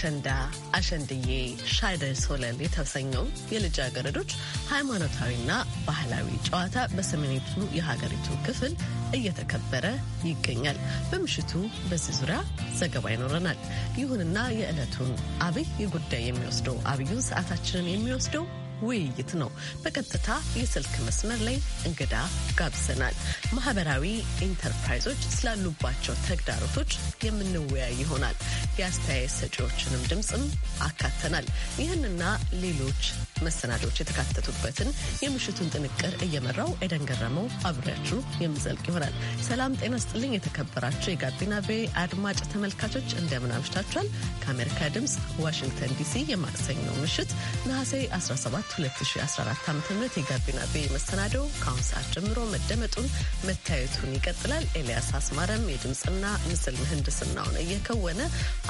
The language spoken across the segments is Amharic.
አሸንዳ፣ አሸንድዬ፣ ሻደር ሶለል የተሰኘው የልጃገረዶች ሃይማኖታዊና ባህላዊ ጨዋታ በሰሜኒቱ የሀገሪቱ ክፍል እየተከበረ ይገኛል። በምሽቱ በዚህ ዙሪያ ዘገባ ይኖረናል። ይሁንና የዕለቱን አብይ ጉዳይ የሚወስደው አብዩን ሰዓታችንን የሚወስደው ውይይት ነው። በቀጥታ የስልክ መስመር ላይ እንግዳ ጋብዘናል። ማህበራዊ ኢንተርፕራይዞች ስላሉባቸው ተግዳሮቶች የምንወያይ ይሆናል። የአስተያየት ሰጪዎችንም ድምፅም አካተናል። ይህንና ሌሎች መሰናዶች የተካተቱበትን የምሽቱን ጥንቅር እየመራው ኤደን ገረመው አብሬያችሁ የምዘልቅ ይሆናል። ሰላም ጤና ስጥልኝ። የተከበራችሁ የጋቢና ቤ አድማጭ ተመልካቾች እንደምን አምሽታችኋል? ከአሜሪካ ድምፅ ዋሽንግተን ዲሲ የማክሰኞው ምሽት ነሐሴ 17 2014 ዓ ም የጋቢና ቤ መሰናዶው ከአሁን ሰዓት ጀምሮ መደመጡን መታየቱን ይቀጥላል። ኤልያስ አስማረም የድምፅና ምስል ምህንድስናውን እየከወነ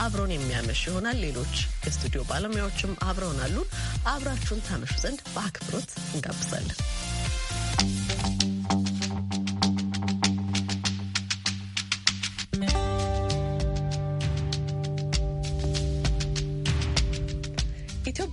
አብሮን የሚያመሽ ይሆናል። ሌሎች የስቱዲዮ ባለሙያዎችም አብረውን አሉ። አብራችሁን ታመሹ ዘንድ በአክብሮት እንጋብዛለን።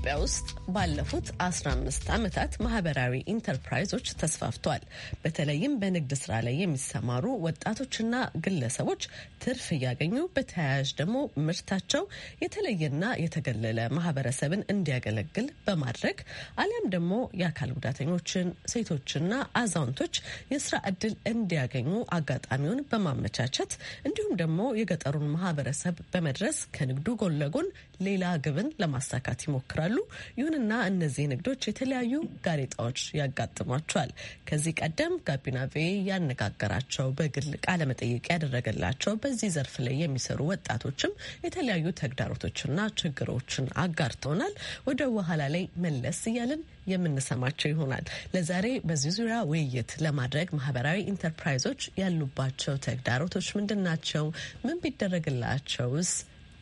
ኢትዮጵያ ውስጥ ባለፉት 15 ዓመታት ማህበራዊ ኢንተርፕራይዞች ተስፋፍተዋል። በተለይም በንግድ ስራ ላይ የሚሰማሩ ወጣቶችና ግለሰቦች ትርፍ እያገኙ በተያያዥ ደግሞ ምርታቸው የተለየና የተገለለ ማህበረሰብን እንዲያገለግል በማድረግ አሊያም ደግሞ የአካል ጉዳተኞችን፣ ሴቶችና አዛውንቶች የስራ እድል እንዲያገኙ አጋጣሚውን በማመቻቸት እንዲሁም ደግሞ የገጠሩን ማህበረሰብ በመድረስ ከንግዱ ጎን ለጎን ሌላ ግብን ለማሳካት ይሞክራሉ። ይሁንና እነዚህ ንግዶች የተለያዩ ጋሬጣዎች ያጋጥሟቸዋል። ከዚህ ቀደም ጋቢና ቬ ያነጋገራቸው በግል ቃለመጠየቅ ያደረገላቸው በዚህ ዘርፍ ላይ የሚሰሩ ወጣቶችም የተለያዩ ተግዳሮቶችና ችግሮችን አጋርተውናል። ወደ በኋላ ላይ መለስ እያልን የምንሰማቸው ይሆናል። ለዛሬ በዚህ ዙሪያ ውይይት ለማድረግ ማህበራዊ ኢንተርፕራይዞች ያሉባቸው ተግዳሮቶች ምንድን ናቸው? ምን ቢደረግላቸውስ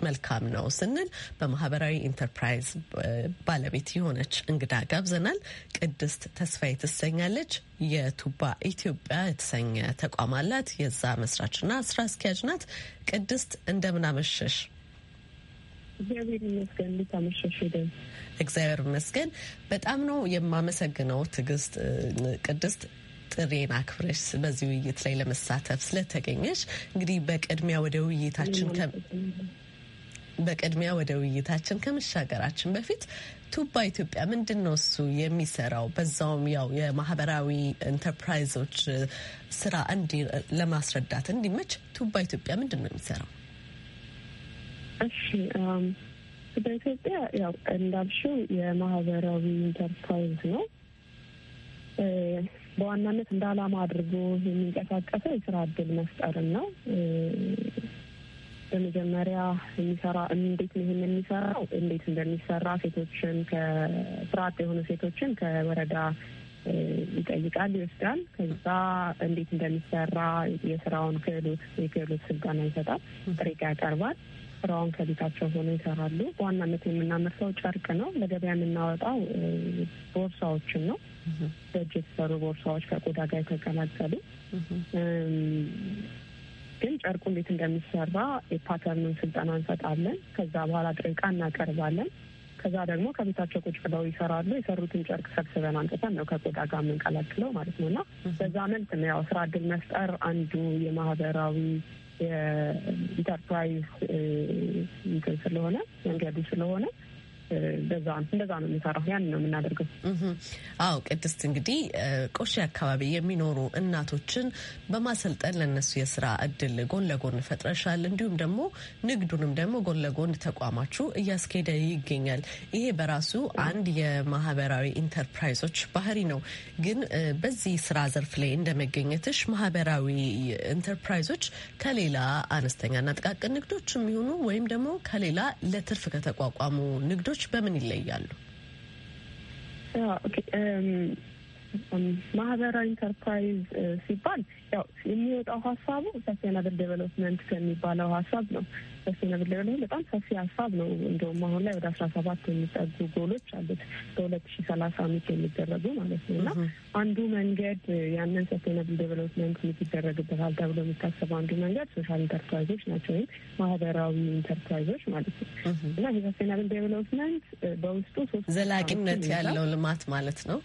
መልካም ነው ስንል በማህበራዊ ኢንተርፕራይዝ ባለቤት የሆነች እንግዳ ጋብዘናል። ቅድስት ተስፋዬ ትሰኛለች። የቱባ ኢትዮጵያ የተሰኘ ተቋም አላት። የዛ መስራችና ስራ አስኪያጅ ናት። ቅድስት እንደምናመሸሽ። እግዚአብሔር ይመስገን። በጣም ነው የማመሰግነው ትዕግስት ቅድስት ጥሬን አክብረሽ በዚህ ውይይት ላይ ለመሳተፍ ስለተገኘሽ እንግዲህ በቅድሚያ ወደ ውይይታችን በቅድሚያ ወደ ውይይታችን ከመሻገራችን በፊት ቱባ ኢትዮጵያ ምንድን ነው እሱ የሚሰራው? በዛውም ያው የማህበራዊ ኢንተርፕራይዞች ስራ እንዲ ለማስረዳት እንዲመች ቱባ ኢትዮጵያ ምንድን ነው የሚሰራው? እሺ፣ በኢትዮጵያ ኢትዮጵያ ያው እንዳልሽው የማህበራዊ ኢንተርፕራይዝ ነው። በዋናነት እንደ አላማ አድርጎ የሚንቀሳቀሰው የስራ እድል መፍጠርን ነው። በመጀመሪያ የሚሰራ እንዴት ነው ይህን የሚሰራው እንዴት እንደሚሰራ ሴቶችን ከስርዓት የሆኑ ሴቶችን ከወረዳ ይጠይቃል፣ ይወስዳል። ከዛ እንዴት እንደሚሰራ የስራውን ክህሎት የክህሎት ስልጠና ይሰጣል፣ ጥሪቃ ያቀርባል። ስራውን ከቤታቸው ሆኖ ይሰራሉ። በዋናነት የምናመርተው ጨርቅ ነው። ለገበያ የምናወጣው ቦርሳዎችን ነው። በእጅ የተሰሩ ቦርሳዎች ከቆዳ ጋር የተቀላቀሉ ግን ጨርቁ እንዴት እንደሚሰራ የፓተርኑን ስልጠና እንሰጣለን። ከዛ በኋላ ጥሬ እናቀርባለን። ከዛ ደግሞ ከቤታቸው ቁጭ ብለው ይሰራሉ። የሰሩትን ጨርቅ ሰብስበን አንጥተን ነው ከቆዳ ጋር የምንቀላቅለው ማለት ነው እና በዛ መልክ ነው ያው ስራ እድል መፍጠር አንዱ የማህበራዊ የኢንተርፕራይዝ ስለሆነ መንገዱ ስለሆነ እንደዛ ነው የሚሰራው። ያን ነው የምናደርገው። አዎ ቅድስት፣ እንግዲህ ቆሼ አካባቢ የሚኖሩ እናቶችን በማሰልጠን ለነሱ የስራ እድል ጎን ለጎን ፈጥረሻል። እንዲሁም ደግሞ ንግዱንም ደግሞ ጎን ለጎን ተቋማችሁ እያስኬደ ይገኛል። ይሄ በራሱ አንድ የማህበራዊ ኢንተርፕራይዞች ባህሪ ነው። ግን በዚህ ስራ ዘርፍ ላይ እንደመገኘትሽ ማህበራዊ ኢንተርፕራይዞች ከሌላ አነስተኛና ጥቃቅን ንግዶች የሚሆኑ ወይም ደግሞ ከሌላ ለትርፍ ከተቋቋሙ ንግዶች በምን ይለያሉ? ማህበራዊ ኢንተርፕራይዝ ሲባል ያው የሚወጣው ሀሳቡ ሰስቴናብል ዴቨሎፕመንት ከሚባለው ሀሳብ ነው። ሰስቴናብል ዴቨሎፕመንት በጣም ሰፊ ሀሳብ ነው። እንደውም አሁን ላይ ወደ አስራ ሰባት የሚጠጉ ጎሎች አሉት በሁለት ሺ ሰላሳ ሚት የሚደረጉ ማለት ነው እና አንዱ መንገድ ያንን ሰስቴናብል ዴቨሎፕመንት የሚደረግበታል ተብሎ የሚታሰበው አንዱ መንገድ ሶሻል ኢንተርፕራይዞች ናቸው ወይም ማህበራዊ ኢንተርፕራይዞች ማለት ነው እና የሰስቴናብል ዴቨሎፕመንት በውስጡ ሶስት ዘላቂነት ያለው ልማት ማለት ነው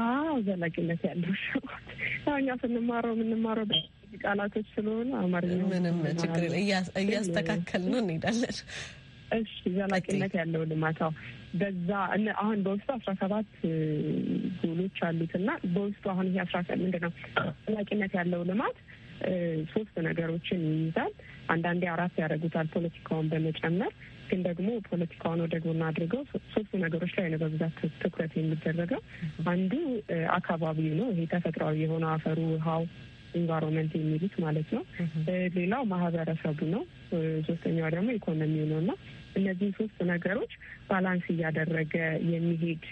አዎ ዘላቂነት ያለው ሽት እኛ ስንማረው የምንማረው ቃላቶች ስለሆኑ አማርኛ ምንም ችግር እያስተካከል ነው እንሄዳለን። እሺ ዘላቂነት ያለው ልማታው በዛ አሁን በውስጡ አስራ ሰባት ጎሎች አሉት እና በውስጡ አሁን ይሄ አስራ ምንድን ነው ዘላቂነት ያለው ልማት ሶስት ነገሮችን ይይዛል። አንዳንዴ አራት ያደርጉታል ፖለቲካውን በመጨመር ግን ደግሞ ፖለቲካውን ወደ ጎን አድርገው ሶስቱ ነገሮች ላይ ነው በብዛት ትኩረት የሚደረገው። አንዱ አካባቢው ነው። ይሄ ተፈጥሯዊ የሆነ አፈሩ፣ ውሃው፣ ኢንቫይሮንመንት የሚሉት ማለት ነው። ሌላው ማህበረሰቡ ነው። ሶስተኛው ደግሞ ኢኮኖሚው ነው እና እነዚህ ሶስት ነገሮች ባላንስ እያደረገ የሚሄድ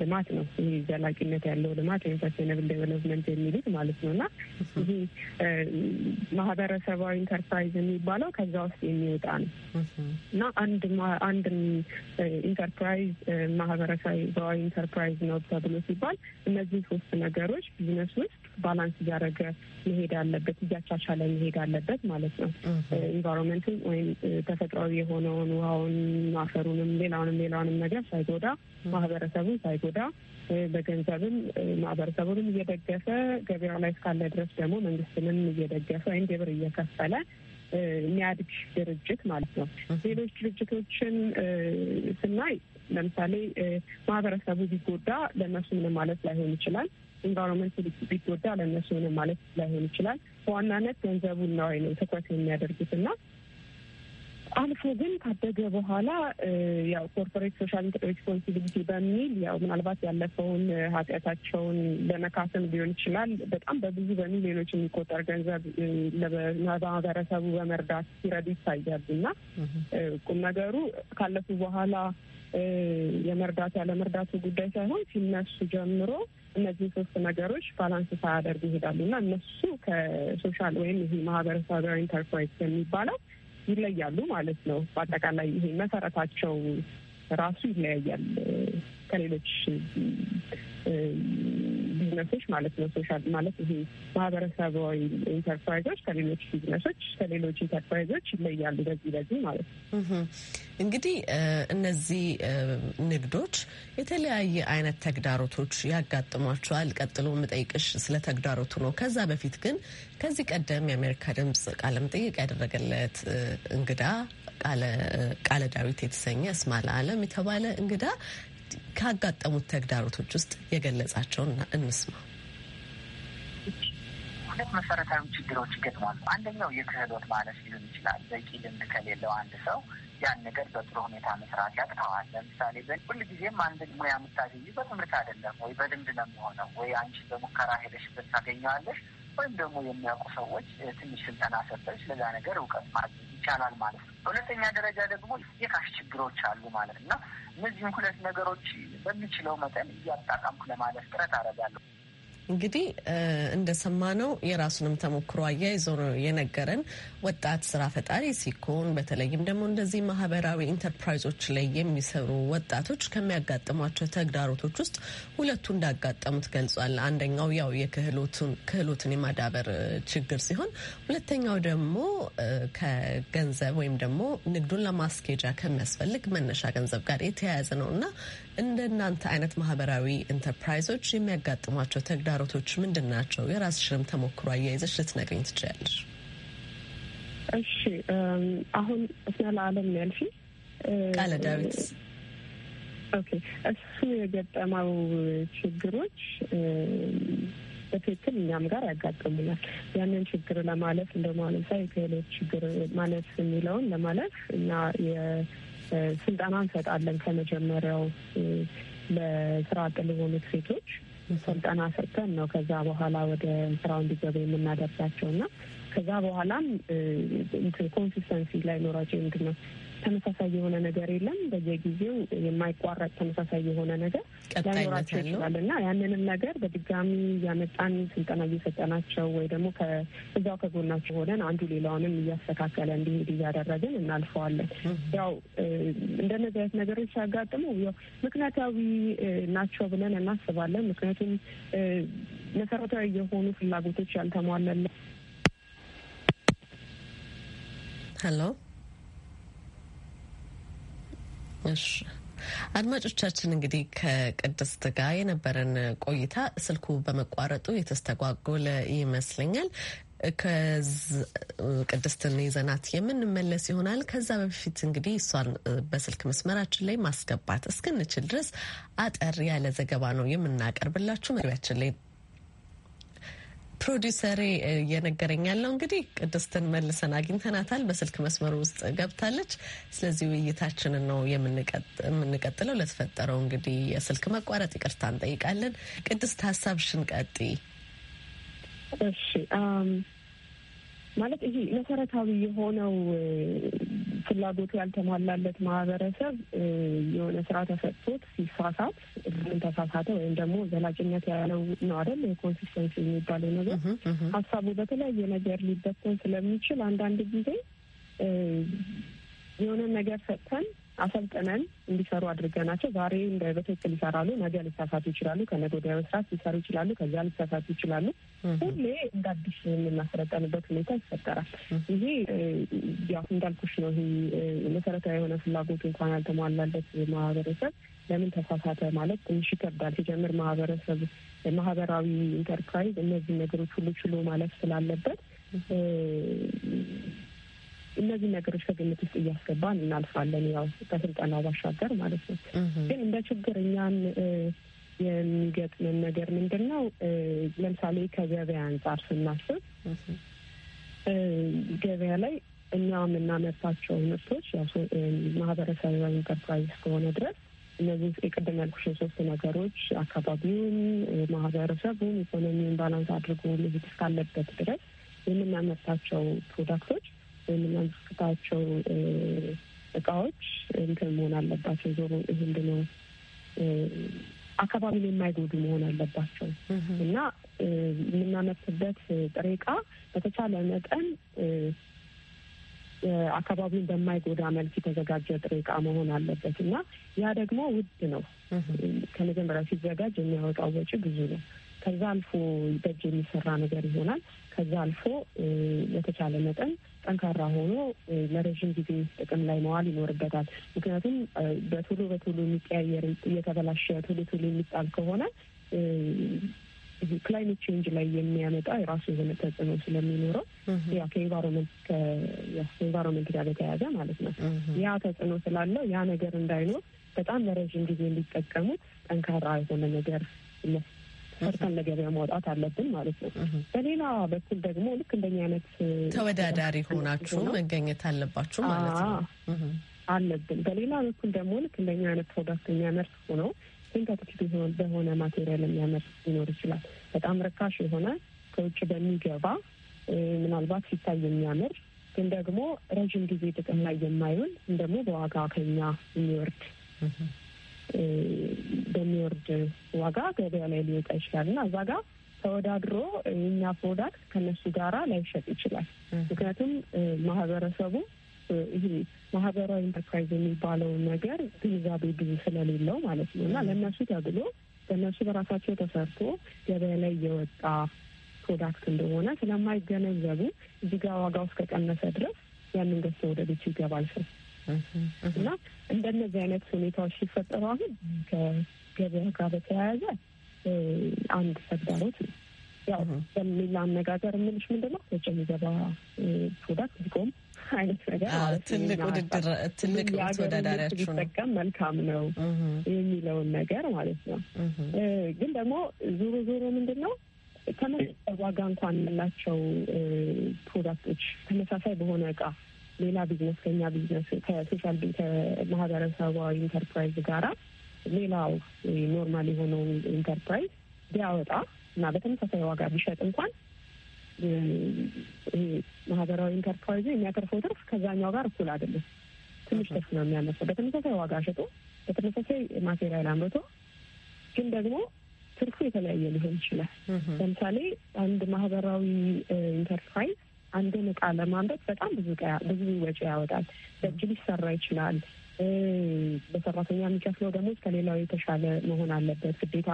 ልማት ነው። ይህ ዘላቂነት ያለው ልማት ወይም ሰስቴነብል ዴቨሎፕመንት የሚሉት ማለት ነው እና ይሄ ማህበረሰባዊ ኢንተርፕራይዝ የሚባለው ከዛ ውስጥ የሚወጣ ነው እና አንድ አንድ ኢንተርፕራይዝ ማህበረሰባዊ ኢንተርፕራይዝ ነው ተብሎ ሲባል እነዚህ ሶስት ነገሮች ቢዝነስ ውስጥ ባላንስ እያደረገ መሄድ አለበት፣ እያቻቻለ መሄድ አለበት ማለት ነው። ኢንቫይሮንመንትን ወይም ተፈጥሯዊ የሆነውን ውሃውን፣ አፈሩንም ሌላ ሌላውንም ሌላውንም ነገር ሳይጎዳ ማህበረሰቡን ሳይጎዳ በገንዘብም ማህበረሰቡንም እየደገፈ ገበያው ላይ እስካለ ድረስ ደግሞ መንግስትንም እየደገፈ ወይም ግብር እየከፈለ የሚያድግ ድርጅት ማለት ነው። ሌሎች ድርጅቶችን ስናይ ለምሳሌ ማህበረሰቡ ቢጎዳ ለእነሱ ምንም ማለት ላይሆን ይችላል። ኢንቫይሮንመንት ቢጎዳ ለእነሱ ምንም ማለት ላይሆን ይችላል። በዋናነት ገንዘቡን ነው ትኩረት የሚያደርጉት እና አልፎ ግን ካደገ በኋላ ያው ኮርፖሬት ሶሻል ሪስፖንሲቢሊቲ በሚል ያው ምናልባት ያለፈውን ኃጢአታቸውን ለመካፈል ሊሆን ይችላል በጣም በብዙ በሚሊዮኖች የሚቆጠር ገንዘብ ለማህበረሰቡ በመርዳት ሲረዱ ይታያሉ እና ቁም ነገሩ ካለፉ በኋላ የመርዳት ያለመርዳቱ ጉዳይ ሳይሆን ሲነሱ ጀምሮ እነዚህ ሶስት ነገሮች ባላንስ ሳያደርግ ይሄዳሉ እና እነሱ ከሶሻል ወይም ይህ ማህበረሰባዊ ኢንተርፕራይዝ የሚባለው ይለያሉ ማለት ነው። በአጠቃላይ ይሄ መሰረታቸው ራሱ ይለያያል ከሌሎች ቢዝነሶች ማለት ነው። ሶሻል ማለት ይሄ ማህበረሰባዊ ኢንተርፕራይዞች ከሌሎች ቢዝነሶች ከሌሎች ኢንተርፕራይዞች ይለያሉ በዚህ በዚህ ማለት ነው። እንግዲህ እነዚህ ንግዶች የተለያየ አይነት ተግዳሮቶች ያጋጥሟቸዋል። ቀጥሎ ምጠይቅሽ ስለ ተግዳሮቱ ነው። ከዛ በፊት ግን ከዚህ ቀደም የአሜሪካ ድምጽ ቃለ መጠይቅ ያደረገለት እንግዳ ቃለ ዳዊት የተሰኘ እስማለ አለም የተባለ እንግዳ ካጋጠሙት ተግዳሮቶች ውስጥ የገለጻቸውን እንስማ። ሁለት መሰረታዊ ችግሮች ይገጥማሉ። አንደኛው የክህሎት ማለት ሊሆን ይችላል። በቂ ልምድ ከሌለው አንድ ሰው ያን ነገር በጥሩ ሁኔታ መስራት ያቅተዋል። ለምሳሌ በ ሁልጊዜም አንድ ሙያ የምታገኙ በትምህርት አይደለም ወይ በልምድ ነው የሚሆነው ወይ አንቺ በሙከራ ሄደሽበት ታገኘዋለሽ ወይም ደግሞ የሚያውቁ ሰዎች ትንሽ ስልጠና ሰጠች ለዛ ነገር እውቀት ማግኘት ይቻላል ማለት ነው። በሁለተኛ ደረጃ ደግሞ የካሽ ችግሮች አሉ ማለት ነው። እነዚህም ሁለት ነገሮች በሚችለው መጠን እያጣጣምኩ ለማለፍ ጥረት አደርጋለሁ። እንግዲህ እንደሰማነው የራሱንም ተሞክሮ አያይዞ ነው የነገረን። ወጣት ስራ ፈጣሪ ሲኮን በተለይም ደግሞ እንደዚህ ማህበራዊ ኢንተርፕራይዞች ላይ የሚሰሩ ወጣቶች ከሚያጋጥሟቸው ተግዳሮቶች ውስጥ ሁለቱ እንዳጋጠሙት ገልጿል። አንደኛው ያው የክህሎትን የማዳበር ችግር ሲሆን፣ ሁለተኛው ደግሞ ከገንዘብ ወይም ደግሞ ንግዱን ለማስኬጃ ከሚያስፈልግ መነሻ ገንዘብ ጋር የተያያዘ ነው እና እንደ እናንተ አይነት ማህበራዊ ኢንተርፕራይዞች የሚያጋጥሟቸው ተግዳሮቶች ምንድን ናቸው? የራስሽንም ተሞክሮ አያይዘሽ ልትነግሪኝ ትችላለሽ። እሺ፣ አሁን እስነ ለአለም ነው ያልሽኝ። ቃለ ዳዊት ኦኬ። እሱ የገጠመው ችግሮች በትክክል እኛም ጋር ያጋጥሙናል። ያንን ችግር ለማለፍ እንደ ማለሳ የክህሎት ችግር ማለፍ የሚለውን ለማለፍ እና ስልጠና እንሰጣለን። ከመጀመሪያው ለስራ ጥል ለሆኑት ሴቶች ስልጠና ሰጥተን ነው ከዛ በኋላ ወደ ስራው እንዲገቡ የምናደርጋቸው እና ከዛ በኋላም ኮንሲስተንሲ ላይ ኖራቸው ምንድን ነው ተመሳሳይ የሆነ ነገር የለም። በየጊዜው የማይቋረጥ ተመሳሳይ የሆነ ነገር ላይኖራቸው ይችላል እና ያንንም ነገር በድጋሚ እያመጣን ስልጠና እየሰጠናቸው ወይ ደግሞ እዛው ከጎናቸው ሆነን አንዱ ሌላውንም እያስተካከለ እንዲሄድ እያደረግን እናልፈዋለን። ያው እንደነዚህ አይነት ነገሮች ሲያጋጥሙ ያው ምክንያታዊ ናቸው ብለን እናስባለን። ምክንያቱም መሰረታዊ የሆኑ ፍላጎቶች ያልተሟለለ ሀሎ እሺ አድማጮቻችን እንግዲህ ከቅድስት ጋር የነበረን ቆይታ ስልኩ በመቋረጡ የተስተጓጎለ ይመስለኛል። ቅድስትን ይዘናት የምንመለስ ይሆናል። ከዛ በፊት እንግዲህ እሷን በስልክ መስመራችን ላይ ማስገባት እስክንችል ድረስ አጠር ያለ ዘገባ ነው የምናቀርብላችሁ መግቢያችን ላይ ፕሮዲውሰሬ እየነገረኝ ያለው እንግዲህ ቅድስትን መልሰን አግኝተናታል። በስልክ መስመሩ ውስጥ ገብታለች። ስለዚህ ውይይታችንን ነው የምንቀጥለው። ለተፈጠረው እንግዲህ የስልክ መቋረጥ ይቅርታ እንጠይቃለን። ቅድስት ሀሳብሽን ቀጢ እሺ ማለት ይሄ መሰረታዊ የሆነው ፍላጎቱ ያልተሟላለት ማህበረሰብ የሆነ ስራ ተሰጥቶት ሲሳሳት ምን ተሳሳተ ወይም ደግሞ ዘላቂነት ያለው ነው አይደል? የኮንሲስተንሲ የሚባለው ነገር ሀሳቡ በተለያየ ነገር ሊበተን ስለሚችል አንዳንድ ጊዜ የሆነ ነገር ሰጥተን አሰልጥነን እንዲሰሩ አድርገናቸው ዛሬ በትክክል ይሰራሉ፣ ነገ ሊሳሳቱ ይችላሉ፣ ከነገ ወዲያ መስራት ሊሰሩ ይችላሉ፣ ከዚያ ሊሳሳቱ ይችላሉ። ሁሌ እንደ አዲስ የምናሰለጠንበት ሁኔታ ይፈጠራል። ይሄ ያው እንዳልኩሽ ነው። ይሄ መሰረታዊ የሆነ ፍላጎቱ እንኳን ያልተሟላለት ማህበረሰብ ለምን ተሳሳተ ማለት ትንሽ ይከብዳል። ሲጀምር ማህበረሰብ ማህበራዊ ኢንተርፕራይዝ እነዚህ ነገሮች ሁሉ ችሎ ማለት ስላለበት እነዚህ ነገሮች ከግምት ውስጥ እያስገባን እናልፋለን። ያው ከስልጠናው ባሻገር ማለት ነው። ግን እንደ ችግር እኛን የሚገጥምን ነገር ምንድን ነው? ለምሳሌ ከገበያ አንጻር ስናስብ ገበያ ላይ እኛ የምናመርታቸው ምርቶች ማህበረሰብ ኢንተርፕራይዝ እስከሆነ ድረስ እነዚህ የቅድም ያልኩሽ ሶስት ነገሮች አካባቢውን፣ ማህበረሰቡን፣ ኢኮኖሚውን ባላንስ አድርጎ ልዝት እስካለበት ድረስ የምናመርታቸው ፕሮዳክቶች የምናንስታቸው እቃዎች እንትን መሆን አለባቸው። ዞሮ ምንድነው አካባቢን የማይጎዱ መሆን አለባቸው እና የምናመርትበት ጥሬ እቃ በተቻለ መጠን አካባቢውን በማይጎዳ መልክ የተዘጋጀ ጥሬ እቃ መሆን አለበት እና ያ ደግሞ ውድ ነው። ከመጀመሪያ ሲዘጋጅ የሚያወጣው ወጪ ብዙ ነው። ከዛ አልፎ በእጅ የሚሰራ ነገር ይሆናል። ከዛ አልፎ በተቻለ መጠን ጠንካራ ሆኖ ለረዥም ጊዜ ጥቅም ላይ መዋል ይኖርበታል። ምክንያቱም በቶሎ በቶሎ የሚቀያየር እየተበላሸ ቶሎ ቶሎ የሚጣል ከሆነ ክላይሜት ቼንጅ ላይ የሚያመጣ የራሱ የሆነ ተጽዕኖ ስለሚኖረው ያ ከኤንቫሮንመንት ጋር በተያያዘ ማለት ነው። ያ ተጽዕኖ ስላለው ያ ነገር እንዳይኖር በጣም ለረዥም ጊዜ እንዲጠቀሙ ጠንካራ የሆነ ነገር መርተን ለገበያ ማውጣት አለብን ማለት ነው። በሌላ በኩል ደግሞ ልክ እንደኛ አይነት ተወዳዳሪ ሆናችሁ መገኘት አለባችሁ ማለት ነው አለብን። በሌላ በኩል ደግሞ ልክ እንደኛ አይነት ፕሮዳክት የሚያመርት ሆነው ግን በሆነ ማቴሪያል የሚያመርት ሊኖር ይችላል። በጣም ርካሽ የሆነ ከውጭ በሚገባ ምናልባት ሲታይ የሚያምር ግን ደግሞ ረዥም ጊዜ ጥቅም ላይ የማይውል ደግሞ በዋጋ ከኛ የሚወርድ በሚወርድ ዋጋ ገበያ ላይ ሊወጣ ይችላል እና እዛ ጋር ተወዳድሮ የኛ ፕሮዳክት ከነሱ ጋራ ላይሸጥ ይችላል። ምክንያቱም ማህበረሰቡ ይሄ ማህበራዊ ኢንተርፕራይዝ የሚባለው ነገር ግንዛቤ ብዙ ስለሌለው ማለት ነው እና ለእነሱ ተብሎ በእነሱ በራሳቸው ተሰርቶ ገበያ ላይ የወጣ ፕሮዳክት እንደሆነ ስለማይገነዘቡ እዚጋ ዋጋው እስከቀነሰ ድረስ ያንን ገዝተው ወደ ቤቱ ይገባል ሰው እና እንደነዚህ አይነት ሁኔታዎች ሲፈጠሩ አሁን ከገበያ ጋር በተያያዘ አንድ ተግዳሮት ነው። ያው በሚል አነጋገር የምልሽ ምንድን ነው ወጪ የሚገባ ፕሮዳክት ቢቆም አይነት ነገር ትልቅ ውድድር ትልቅ ተወዳዳሪያችሁ ቢጠቀም መልካም ነው የሚለውን ነገር ማለት ነው። ግን ደግሞ ዞሮ ዞሮ ምንድን ነው ተመሳሳይ ዋጋ እንኳን ያላቸው ፕሮዳክቶች ተመሳሳይ በሆነ እቃ ሌላ ቢዝነስ ከኛ ቢዝነስ ከሶሻል ከማህበረሰባዊ ኢንተርፕራይዝ ጋራ ሌላው ኖርማል የሆነውን ኢንተርፕራይዝ ቢያወጣ እና በተመሳሳይ ዋጋ ቢሸጥ እንኳን ይሄ ማህበራዊ ኢንተርፕራይዙ የሚያተርፈው ትርፍ ከዛኛው ጋር እኩል አይደለም። ትንሽ ትርፍ ነው የሚያነሳው። በተመሳሳይ ዋጋ ሸጦ በተመሳሳይ ማቴሪያል አምርቶ ግን ደግሞ ትርፉ የተለያየ ሊሆን ይችላል። ለምሳሌ አንድ ማህበራዊ ኢንተርፕራይዝ አንድን እቃ ለማምረት በጣም ብዙ ብዙ ወጪ ያወጣል። በእጅ ሊሰራ ይችላል። በሰራተኛ የሚከፍለው ደሞዝ ከሌላው የተሻለ መሆን አለበት ግዴታ።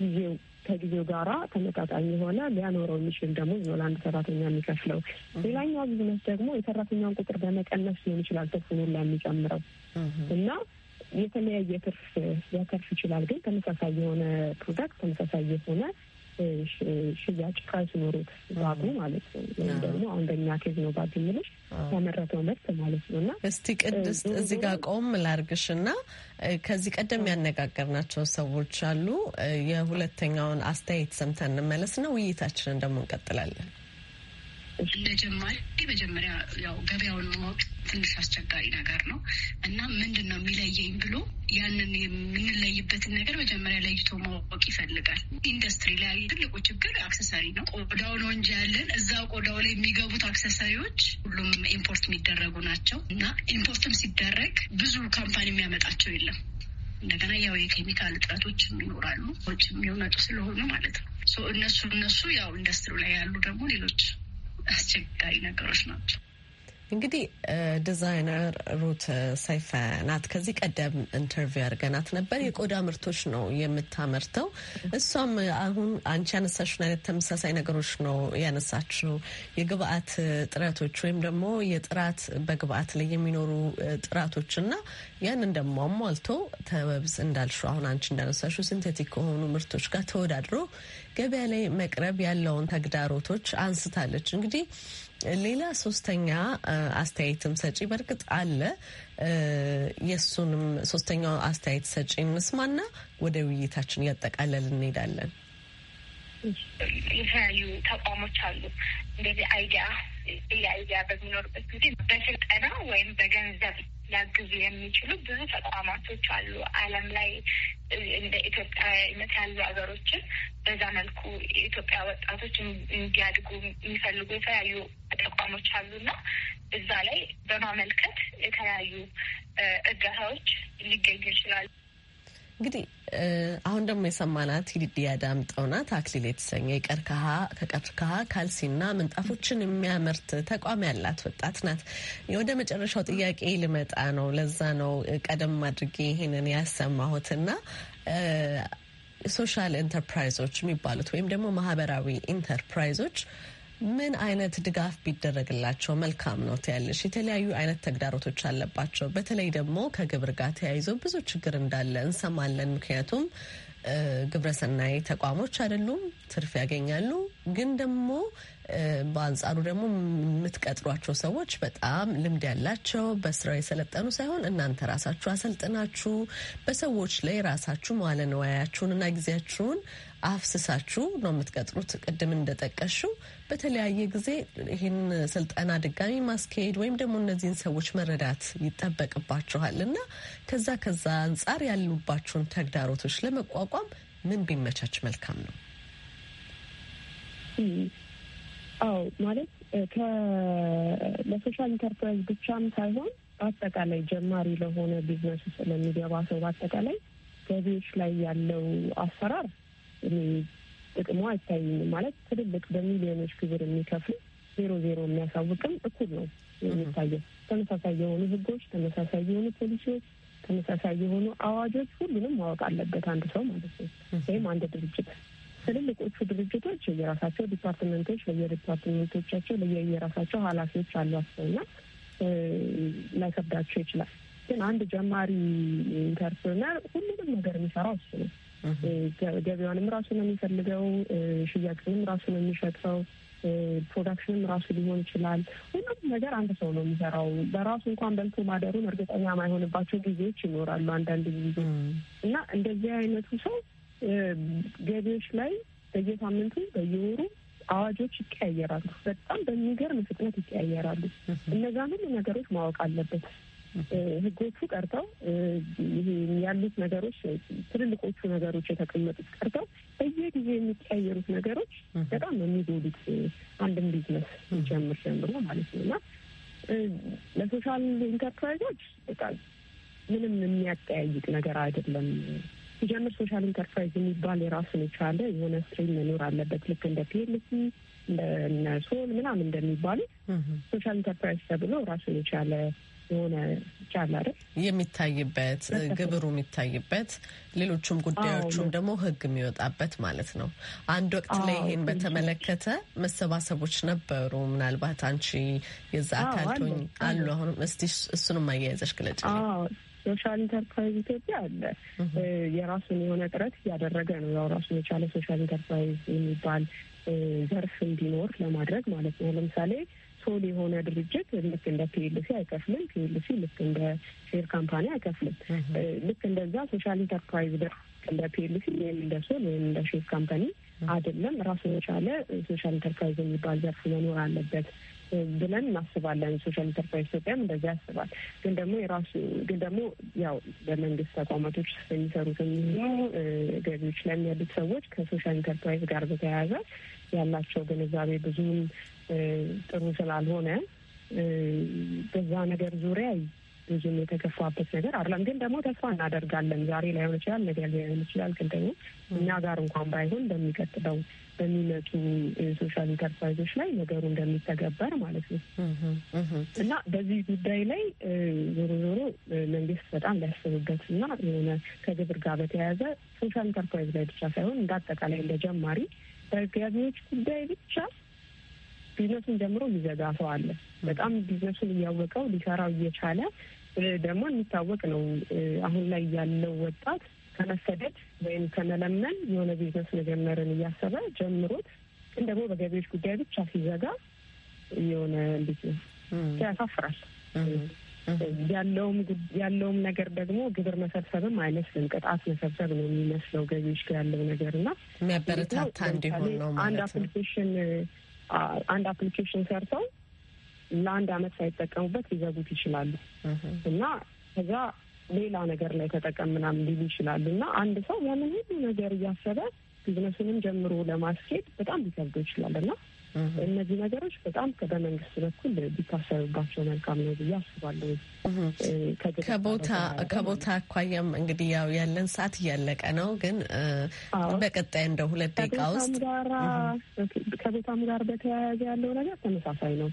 ጊዜው ከጊዜው ጋራ ተመጣጣኝ የሆነ ሊያኖረው የሚችል ደሞዝ ነው ለአንድ ሰራተኛ የሚከፍለው። ሌላኛው ቢዝነስ ደግሞ የሰራተኛውን ቁጥር በመቀነስ ሊሆን ይችላል ትርፉን የሚጨምረው እና የተለያየ ትርፍ ሊያተርፍ ይችላል። ግን ተመሳሳይ የሆነ ፕሮዳክት ተመሳሳይ የሆነ ሽያጭ ፕራይስ ኖሮት ዋጉ ማለት ነው። ወይም ደግሞ አሁን በእኛ ኬዝ ነው ባድ ምልሽ ያመረተው ምርት ማለት ነው። እና እስቲ ቅድስት እዚህ ጋር ቆም ላርግሽ እና ከዚህ ቀደም ያነጋገርናቸው ሰዎች አሉ። የሁለተኛውን አስተያየት ሰምተን እንመለስና ውይይታችንን ደግሞ እንቀጥላለን። ለጀማሪ መጀመሪያ ያው ገበያውን ማወቅ ትንሽ አስቸጋሪ ነገር ነው እና ምንድን ነው የሚለየኝ ብሎ ያንን የምንለይበትን ነገር መጀመሪያ ለይቶ ማወቅ ይፈልጋል። ኢንዱስትሪ ላይ ትልቁ ችግር አክሰሰሪ ነው። ቆዳው ነው እንጂ ያለን እዛው ቆዳው ላይ የሚገቡት አክሰሰሪዎች ሁሉም ኢምፖርት የሚደረጉ ናቸው እና ኢምፖርትም ሲደረግ ብዙ ካምፓኒ የሚያመጣቸው የለም። እንደገና ያው የኬሚካል እጥረቶችም ይኖራሉ፣ ውጭ የሚመጡ ስለሆኑ ማለት ነው። እነሱ እነሱ ያው ኢንዱስትሪ ላይ ያሉ ደግሞ ሌሎች አስቸጋሪ ነገሮች ናቸው። እንግዲህ ዲዛይነር ሩት ሰይፈ ናት። ከዚህ ቀደም ኢንተርቪው ያደርገናት ነበር። የቆዳ ምርቶች ነው የምታመርተው። እሷም አሁን አንቺ ያነሳሽን አይነት ተመሳሳይ ነገሮች ነው ያነሳችው። የግብአት ጥረቶች ወይም ደግሞ የጥራት በግብአት ላይ የሚኖሩ ጥራቶች እና ያንን ደግሞ አሟልቶ ተበብስ እንዳልሹ አሁን አንቺ እንዳነሳሹ ሲንቴቲክ ከሆኑ ምርቶች ጋር ተወዳድሮ ገበያ ላይ መቅረብ ያለውን ተግዳሮቶች አንስታለች። እንግዲህ ሌላ ሶስተኛ አስተያየትም ሰጪ በእርግጥ አለ። የእሱንም ሶስተኛው አስተያየት ሰጪ እንስማና ወደ ውይይታችን እያጠቃለል እንሄዳለን። የተለያዩ ተቋሞች አሉ እንደዚህ አይዲያ የአይዲያ በሚኖርበት ጊዜ በስልጠና ወይም በገንዘብ ሊያግዙ የሚችሉ ብዙ ተቋማቶች አሉ። ዓለም ላይ እንደ ኢትዮጵያ አይነት ያሉ ሀገሮችን በዛ መልኩ የኢትዮጵያ ወጣቶች እንዲያድጉ የሚፈልጉ የተለያዩ ተቋሞች አሉና እዛ ላይ በማመልከት የተለያዩ እርዳታዎች ሊገኙ ይችላሉ። እንግዲህ አሁን ደግሞ የሰማናት ሂዲዲያ ዳምጠውናት አክሊል የተሰኘ የቀርከሃ ከቀርከሃ ካልሲና ምንጣፎችን የሚያመርት ተቋም ያላት ወጣት ናት። ወደ መጨረሻው ጥያቄ ልመጣ ነው። ለዛ ነው ቀደም አድርጌ ይህንን ያሰማሁትና ሶሻል ኢንተርፕራይዞች የሚባሉት ወይም ደግሞ ማህበራዊ ኢንተርፕራይዞች ምን አይነት ድጋፍ ቢደረግላቸው መልካም ነው ትያለሽ? የተለያዩ አይነት ተግዳሮቶች አለባቸው። በተለይ ደግሞ ከግብር ጋር ተያይዞ ብዙ ችግር እንዳለ እንሰማለን። ምክንያቱም ግብረሰናይ ተቋሞች አይደሉም፣ ትርፍ ያገኛሉ። ግን ደግሞ በአንጻሩ ደግሞ የምትቀጥሯቸው ሰዎች በጣም ልምድ ያላቸው በስራው የሰለጠኑ ሳይሆን እናንተ ራሳችሁ አሰልጥናችሁ በሰዎች ላይ ራሳችሁ መዋለ ንዋያችሁን እና ጊዜያችሁን አፍስሳችሁ ነው የምትቀጥሩት። ቅድም እንደጠቀሹ በተለያየ ጊዜ ይህን ስልጠና ድጋሚ ማስካሄድ ወይም ደግሞ እነዚህን ሰዎች መረዳት ይጠበቅባችኋል እና ከዛ ከዛ አንጻር ያሉባችሁን ተግዳሮቶች ለመቋቋም ምን ቢመቻች መልካም ነው? አዎ ማለት ለሶሻል ኢንተርፕራይዝ ብቻም ሳይሆን በአጠቃላይ ጀማሪ ለሆነ ቢዝነስ ለሚገባ ሰው በአጠቃላይ ገቢዎች ላይ ያለው አሰራር ጥቅሙ አይታይም ማለት ትልልቅ በሚሊዮኖች ግብር የሚከፍሉ ዜሮ ዜሮ የሚያሳውቅም እኩል ነው የሚታየው። ተመሳሳይ የሆኑ ህጎች፣ ተመሳሳይ የሆኑ ፖሊሲዎች፣ ተመሳሳይ የሆኑ አዋጆች ሁሉንም ማወቅ አለበት አንድ ሰው ማለት ነው ወይም አንድ ድርጅት። ትልልቆቹ ድርጅቶች የየራሳቸው ዲፓርትመንቶች ለየዲፓርትመንቶቻቸው ለየየራሳቸው ኃላፊዎች አሏቸው እና ላይከብዳቸው ይችላል። ግን አንድ ጀማሪ ኢንተርፕርነር ሁሉንም ነገር የሚሰራው እሱ ነው። ገቢዋንም ራሱ ነው የሚፈልገው፣ ሽያጭንም ራሱ ነው የሚሸጠው፣ ፕሮዳክሽንም ራሱ ሊሆን ይችላል። ሁሉም ነገር አንድ ሰው ነው የሚሰራው። በራሱ እንኳን በልቶ ማደሩን እርግጠኛ ማይሆንባቸው ጊዜዎች ይኖራሉ አንዳንድ ጊዜ እና እንደዚህ አይነቱ ሰው ገቢዎች ላይ በየሳምንቱ በየወሩ አዋጆች ይቀያየራሉ። በጣም በሚገርም ፍጥነት ይቀያየራሉ። እነዛን ሁሉ ነገሮች ማወቅ አለበት። ህጎቹ ቀርተው ያሉት ነገሮች ትልልቆቹ ነገሮች የተቀመጡት ቀርተው በየጊዜው የሚቀያየሩት ነገሮች በጣም የሚጎዱት አንድን ቢዝነስ ጀምር ጀምሮ ማለት ነው እና ለሶሻል ኢንተርፕራይዞች በቃ ምንም የሚያጠያይቅ ነገር አይደለም። ሲጀምር ሶሻል ኢንተርፕራይዝ የሚባል የራሱን የቻለ የሆነ ስትሪም መኖር አለበት። ልክ እንደ ፒኤልሲ እንደ ሶል ምናምን እንደሚባሉት ሶሻል ኢንተርፕራይዝ ተብሎ ራሱን የቻለ የሆነ ይቻላል የሚታይበት ግብሩ የሚታይበት ሌሎቹም ጉዳዮቹም ደግሞ ህግ የሚወጣበት ማለት ነው። አንድ ወቅት ላይ ይሄን በተመለከተ መሰባሰቦች ነበሩ። ምናልባት አንቺ የዛ አካል ትሆኝ አሉ። አሁንም እስቲ እሱንም አያይዘሽ ግለጭ። ሶሻል ኢንተርፕራይዝ ኢትዮጵያ አለ። የራሱን የሆነ ጥረት እያደረገ ነው። ያው ራሱን የቻለ ሶሻል ኢንተርፕራይዝ የሚባል ዘርፍ እንዲኖር ለማድረግ ማለት ነው። ለምሳሌ ሶል የሆነ ድርጅት ልክ እንደ ፒኤልሲ አይከፍልም። ፒኤልሲ ልክ እንደ ሼር ካምፓኒ አይከፍልም። ልክ እንደዛ ሶሻል ኢንተርፕራይዝ እንደ ፒኤልሲ ወይም እንደ ሶል ወይም እንደ ሼር ካምፓኒ አይደለም። ራሱ የቻለ ሶሻል ኢንተርፕራይዝ የሚባል ዘርፍ መኖር አለበት ብለን እናስባለን። ሶሻል ኢንተርፕራይዝ ኢትዮጵያም እንደዚያ ያስባል። ግን ደግሞ የራሱ ግን ደግሞ ያው በመንግስት ተቋማቶች የሚሰሩት የሚሆኑ ገቢዎች ላይ ያሉት ሰዎች ከሶሻል ኢንተርፕራይዝ ጋር በተያያዘ ያላቸው ግንዛቤ ብዙም ጥሩ ስላልሆነ በዛ ነገር ዙሪያ ብዙም የተከፋበት ነገር አይደለም። ግን ደግሞ ተስፋ እናደርጋለን። ዛሬ ላይሆን ይችላል፣ ነገ ላይሆን ይችላል። ግን ደግሞ እኛ ጋር እንኳን ባይሆን በሚቀጥለው በሚመጡ ሶሻል ኢንተርፕራይዞች ላይ ነገሩ እንደሚተገበር ማለት ነው እና በዚህ ጉዳይ ላይ ዞሮ ዞሮ መንግስት በጣም ሊያስብበት እና የሆነ ከግብር ጋር በተያያዘ ሶሻል ኢንተርፕራይዝ ላይ ብቻ ሳይሆን እንዳጠቃላይ እንደጀማሪ እንደ ጀማሪ በገቢዎች ጉዳይ ብቻ ቢዝነሱን ጀምሮ ሊዘጋ ሰው አለ። በጣም ቢዝነሱን እያወቀው ሊሰራው እየቻለ ደግሞ የሚታወቅ ነው። አሁን ላይ ያለው ወጣት ከመሰደድ ወይም ከመለመን የሆነ ቢዝነስ መጀመርን እያሰበ ጀምሮት ግን ደግሞ በገቢዎች ጉዳይ ብቻ ሲዘጋ የሆነ እንዴት ነው ያሳፍራል። ያለውም ያለውም ነገር ደግሞ ግብር መሰብሰብም አይመስልም ቅጣት መሰብሰብ ነው የሚመስለው ገቢዎች ያለው ነገር እና የሚያበረታታ እንዲሆን ነው ማለት ነው። አንድ አፕሊኬሽን አንድ አፕሊኬሽን ሰርተው ለአንድ አመት ሳይጠቀሙበት ሊዘጉት ይችላሉ እና ከዛ ሌላ ነገር ላይ ተጠቀም ምናምን ሊሉ ይችላሉ እና አንድ ሰው ያንን ሁሉ ነገር እያሰበ ቢዝነሱንም ጀምሮ ለማስኬድ በጣም ሊከብዶ ይችላል እና እነዚህ ነገሮች በጣም በመንግስት በኩል ቢታሰብባቸው መልካም ነው ብዬ አስባለሁ። ከቦታ ከቦታ አኳያም እንግዲህ ያው ያለን ሰዓት እያለቀ ነው፣ ግን በቀጣይ እንደ ሁለት ደቂቃ ውስጥ ከቦታም ጋር በተያያዘ ያለው ነገር ተመሳሳይ ነው።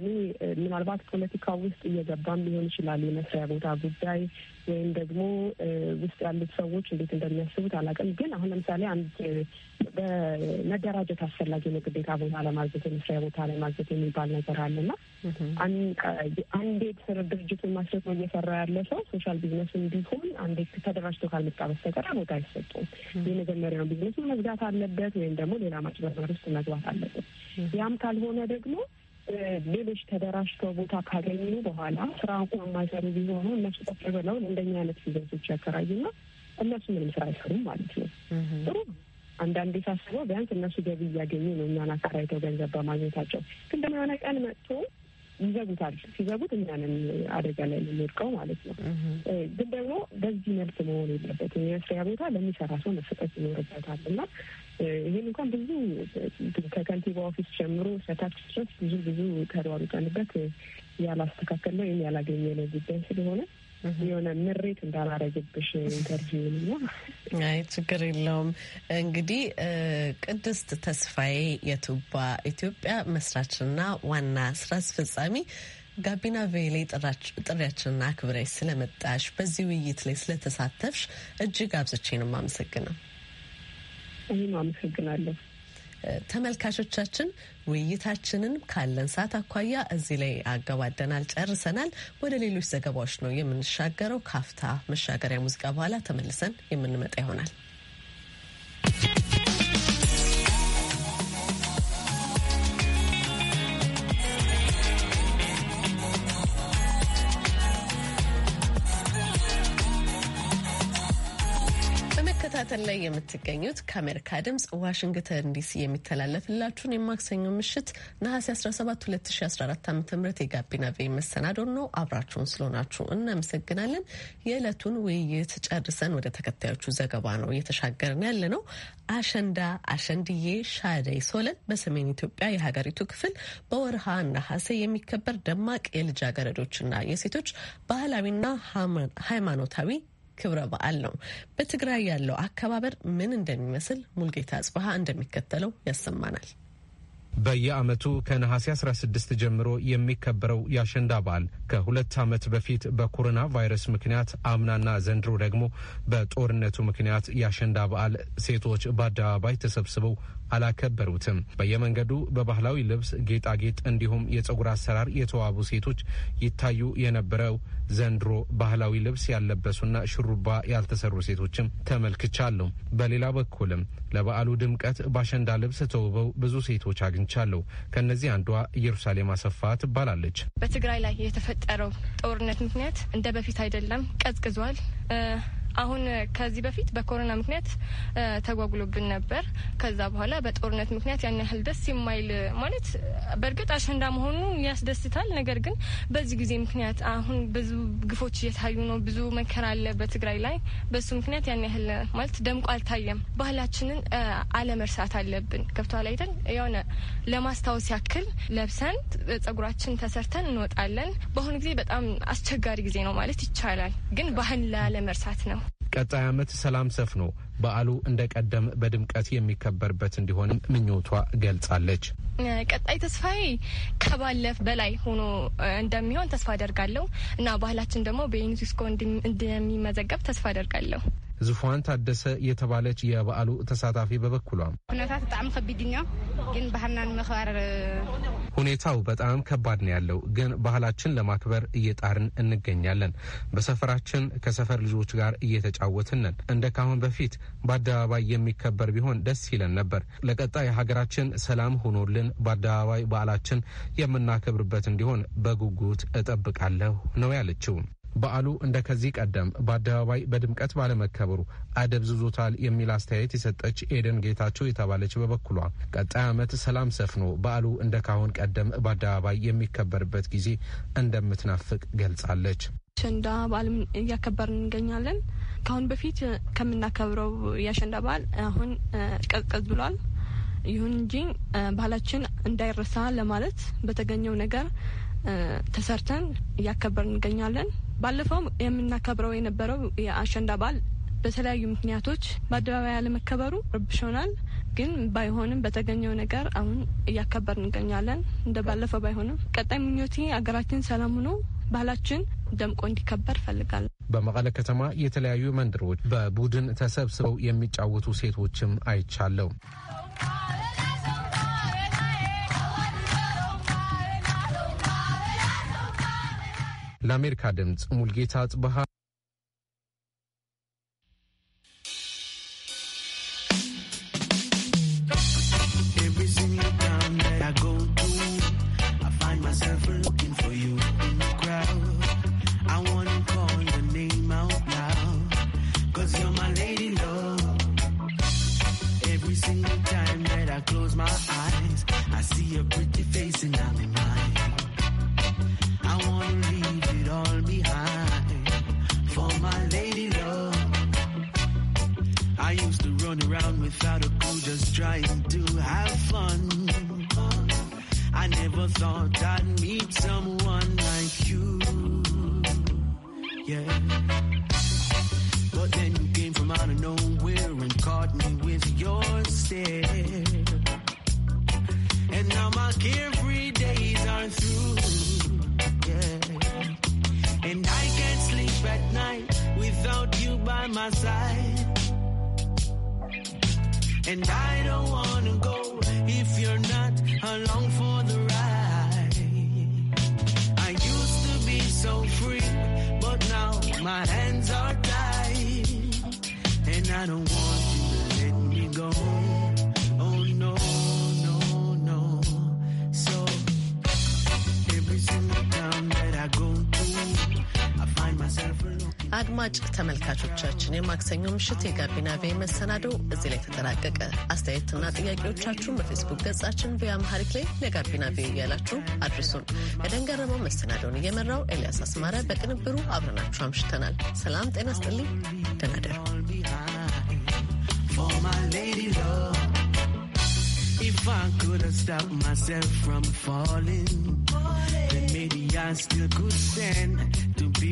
እኔ ምናልባት ፖለቲካ ውስጥ እየገባም ሊሆን ይችላል። የመስሪያ ቦታ ጉዳይ ወይም ደግሞ ውስጥ ያሉት ሰዎች እንዴት እንደሚያስቡት አላውቅም። ግን አሁን ለምሳሌ አንድ በመደራጀት አስፈላጊ ነው ግዴታ ቦታ ለማግኘት የመስሪያ ቦታ ለማግኘት የሚባል ነገር አለና አንዴት ድርጅቱን ማስረት ነው እየሰራ ያለ ሰው ሶሻል ቢዝነስ ቢሆን አንዴት ተደራጅቶ ካልመጣ በስተቀር ቦታ አይሰጡም። የመጀመሪያውን ቢዝነሱ መዝጋት አለበት ወይም ደግሞ ሌላ ማጭበርበር ውስጥ መግባት አለበት። ያም ካልሆነ ደግሞ ሌሎች ተደራጅተው ቦታ ካገኙ በኋላ ስራ እንኳን የማይሰሩ ቢሆኑ እነሱ ቆፍ ብለው እንደኛ አይነት ቢዝነሶች ያከራዩና እነሱ ምንም ስራ አይሰሩም ማለት ነው። ጥሩ አንዳንዴ ሳስበው ቢያንስ እነሱ ገቢ እያገኙ ነው እኛን አከራይተው ገንዘብ በማግኘታቸው። ግን ደግሞ የሆነ ቀን መጥቶ ይዘጉታል። ሲዘጉት እኛንን አደጋ ላይ የምንወድቀው ማለት ነው። ግን ደግሞ በዚህ መልክ መሆን የለበትም። የመስሪያ ቦታ ለሚሰራ ሰው መሰጠት ይኖርበታል እና ይህን እንኳን ብዙ ከከንቲባ ኦፊስ ጀምሮ ሰታች ድረስ ብዙ ብዙ ተሯሩጠንበት ያላስተካከል ነው ወይም ያላገኘ ነው ጉዳይ ስለሆነ የሆነ ምሬት እንዳላረግብሽ ኢንተርቪውን እና አይ ችግር የለውም። እንግዲህ ቅድስት ተስፋዬ የቱባ ኢትዮጵያ መስራችና ዋና ስራ አስፈጻሚ ጋቢና ቬሌ ጥሪያችንና አክብረሽ ስለመጣሽ በዚህ ውይይት ላይ ስለተሳተፍሽ እጅግ አብዝቼ ነው የማመሰግነው። እኔም አመሰግናለሁ። ተመልካቾቻችን ውይይታችንን ካለን ሰዓት አኳያ እዚህ ላይ አገባደናል፣ ጨርሰናል። ወደ ሌሎች ዘገባዎች ነው የምንሻገረው። ካፍታ መሻገሪያ ሙዚቃ በኋላ ተመልሰን የምንመጣ ይሆናል። በመከታተል ላይ የምትገኙት ከአሜሪካ ድምጽ ዋሽንግተን ዲሲ የሚተላለፍላችሁን የማክሰኞ ምሽት ነሐሴ 17 2014 ዓ ም የጋቢና ቬ መሰናዶን ነው። አብራችሁን ስለሆናችሁ እናመሰግናለን። የዕለቱን ውይይት ጨርሰን ወደ ተከታዮቹ ዘገባ ነው እየተሻገርን ያለ ነው። አሸንዳ አሸንድዬ፣ ሻደይ፣ ሶለን በሰሜን ኢትዮጵያ የሀገሪቱ ክፍል በወርሃ ነሐሴ የሚከበር ደማቅ የልጃገረዶችና የሴቶች ባህላዊና ሃይማኖታዊ ክብረ በዓል ነው። በትግራይ ያለው አከባበር ምን እንደሚመስል ሙልጌታ ጽብሃ እንደሚከተለው ያሰማናል። በየዓመቱ ከነሐሴ 16 ጀምሮ የሚከበረው የአሸንዳ በዓል ከሁለት ዓመት በፊት በኮሮና ቫይረስ ምክንያት አምናና ዘንድሮ ደግሞ በጦርነቱ ምክንያት የአሸንዳ በዓል ሴቶች በአደባባይ ተሰብስበው አላከበሩትም። በየመንገዱ በባህላዊ ልብስ፣ ጌጣጌጥ እንዲሁም የጸጉር አሰራር የተዋቡ ሴቶች ይታዩ የነበረው ዘንድሮ ባህላዊ ልብስ ያለበሱና ሹሩባ ያልተሰሩ ሴቶችም ተመልክቻለሁ። በሌላ በኩልም ለበዓሉ ድምቀት በአሸንዳ ልብስ ተውበው ብዙ ሴቶች አግኝ አግኝቻለሁ። ከእነዚህ አንዷ ኢየሩሳሌም አሰፋ ትባላለች። በትግራይ ላይ የተፈጠረው ጦርነት ምክንያት እንደ በፊት አይደለም፣ ቀዝቅዟል። አሁን ከዚህ በፊት በኮሮና ምክንያት ተጓጉሎብን ነበር። ከዛ በኋላ በጦርነት ምክንያት ያን ያህል ደስ የማይል ማለት በእርግጥ አሸንዳ መሆኑ ያስደስታል። ነገር ግን በዚህ ጊዜ ምክንያት አሁን ብዙ ግፎች እየታዩ ነው። ብዙ መከራ አለ በትግራይ ላይ። በሱ ምክንያት ያን ያህል ማለት ደምቆ አልታየም። ባህላችንን አለመርሳት አለብን። ገብቷል አይደል? የሆነ ለማስታወስ ያክል ለብሰን ጸጉራችን ተሰርተን እንወጣለን። በአሁኑ ጊዜ በጣም አስቸጋሪ ጊዜ ነው ማለት ይቻላል። ግን ባህል ላለመርሳት ነው። ቀጣይ ዓመት ሰላም ሰፍኖ በዓሉ እንደ ቀደም በድምቀት የሚከበርበት እንዲሆንም ምኞቷ ገልጻለች። ቀጣይ ተስፋዬ ከባለፍ በላይ ሆኖ እንደሚሆን ተስፋ አደርጋለሁ እና ባህላችን ደግሞ በዩኔስኮ እንደሚመዘገብ ተስፋ አደርጋለሁ። ዝፏን ታደሰ የተባለች የበዓሉ ተሳታፊ በበኩሏ ኩነታት ብጣዕሚ ከቢድ ግን ባህልና ንምኽባር ሁኔታው በጣም ከባድ ነው ያለው፣ ግን ባህላችን ለማክበር እየጣርን እንገኛለን። በሰፈራችን ከሰፈር ልጆች ጋር እየተጫወትን ነን። እንደ ካሁን በፊት በአደባባይ የሚከበር ቢሆን ደስ ይለን ነበር። ለቀጣይ ሀገራችን ሰላም ሆኖልን በአደባባይ በዓላችን የምናከብርበት እንዲሆን በጉጉት እጠብቃለሁ ነው ያለችው። በዓሉ እንደ ከዚህ ቀደም በአደባባይ በድምቀት ባለመከበሩ አደብዝዞታል የሚል አስተያየት የሰጠች ኤደን ጌታቸው የተባለች በበኩሏ ቀጣይ ዓመት ሰላም ሰፍኖ በዓሉ እንደ ካሁን ቀደም በአደባባይ የሚከበርበት ጊዜ እንደምትናፍቅ ገልጻለች። አሸንዳ በዓል እያከበርን እንገኛለን። ከአሁን በፊት ከምናከብረው የአሸንዳ በዓል አሁን ቀዝቀዝ ብሏል። ይሁን እንጂ ባህላችን እንዳይረሳ ለማለት በተገኘው ነገር ተሰርተን እያከበርን እንገኛለን። ባለፈው የምናከብረው የነበረው የአሸንዳ በዓል በተለያዩ ምክንያቶች በአደባባይ ያለመከበሩ ረብሾናል። ግን ባይሆንም በተገኘው ነገር አሁን እያከበር እንገኛለን። እንደ ባለፈው ባይሆንም ቀጣይ ምኞቴ አገራችን ሰላም ሆኖ ባህላችን ደምቆ እንዲከበር ፈልጋለሁ። በመቀለ ከተማ የተለያዩ መንደሮች በቡድን ተሰብስበው የሚጫወቱ ሴቶችም አይቻለው። ለአሜሪካ ድምፅ ሙልጌታ ጽብሃ And I don't wanna go if you're not along for the ride. I used to be so free, but now my hands are tied. And I don't want you to let me go. Oh no, no, no. So every single time that I go through, I find myself alone. አድማጭ ተመልካቾቻችን የማክሰኞ ምሽት የጋቢና ቬ መሰናዶ እዚህ ላይ ተጠናቀቀ። አስተያየትና ጥያቄዎቻችሁን በፌስቡክ ገጻችን ቪያምሃሪክ ላይ ለጋቢና ቬ እያላችሁ አድርሱን። የደንገረመው መሰናዶውን እየመራው ኤልያስ አስማረ፣ በቅንብሩ አብረናችሁ አምሽተናል። ሰላም ጤና ስጥልኝ። ደህና እደሩ። If I could have stopped myself from falling, falling, then maybe I still could stand to be.